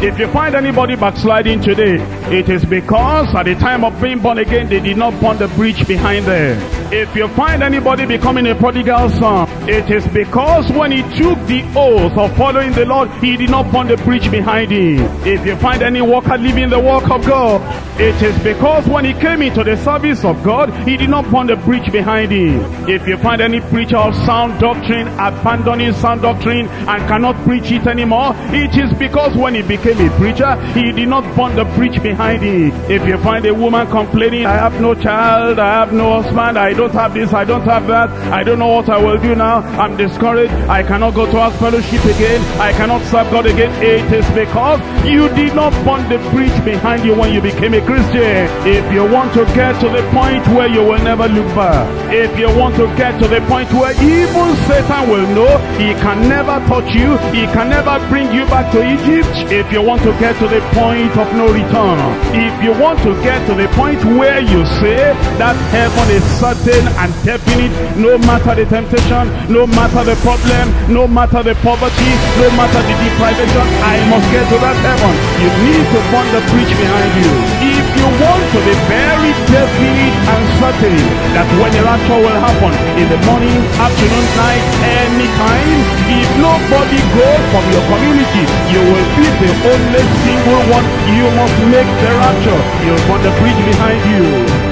If you find anybody backsliding today, it is because at the time of being born again, they did not burn the bridge behind them. If you find anybody becoming a prodigal son, it is because when he took the oath of following the Lord, he did not burn the bridge behind him. If you find any worker living the work of God, it is because when he came into the service of God, he did not burn the bridge behind him. If you find any preacher of sound doctrine abandoning sound doctrine and cannot preach it anymore, it is because when he became became a preacher, he did not burn the preach behind him. If you find a woman complaining, I have no child, I have no husband, I don't have this, I don't have that, I don't know what I will do now, I'm discouraged, I cannot go to our fellowship again, I cannot serve God again, it is because you did not burn the preach behind you when you became a Christian. If you want to get to the point where you will never look back, if you want to get to the point where even Satan will know he can never touch you, he can never bring you back to Egypt, if you you want to get to the point of no return, if you want to get to the point where you say that heaven is certain and definite, no matter the temptation, no matter the problem, no matter the poverty, no matter the deprivation, I must get to that heaven. You need to find the preach behind you. If you want to be very definite and certain that when the rapture will happen, in the morning, afternoon, night, any time, if nobody goes from your community, you will be the only single one you must make the You'll on the bridge behind you.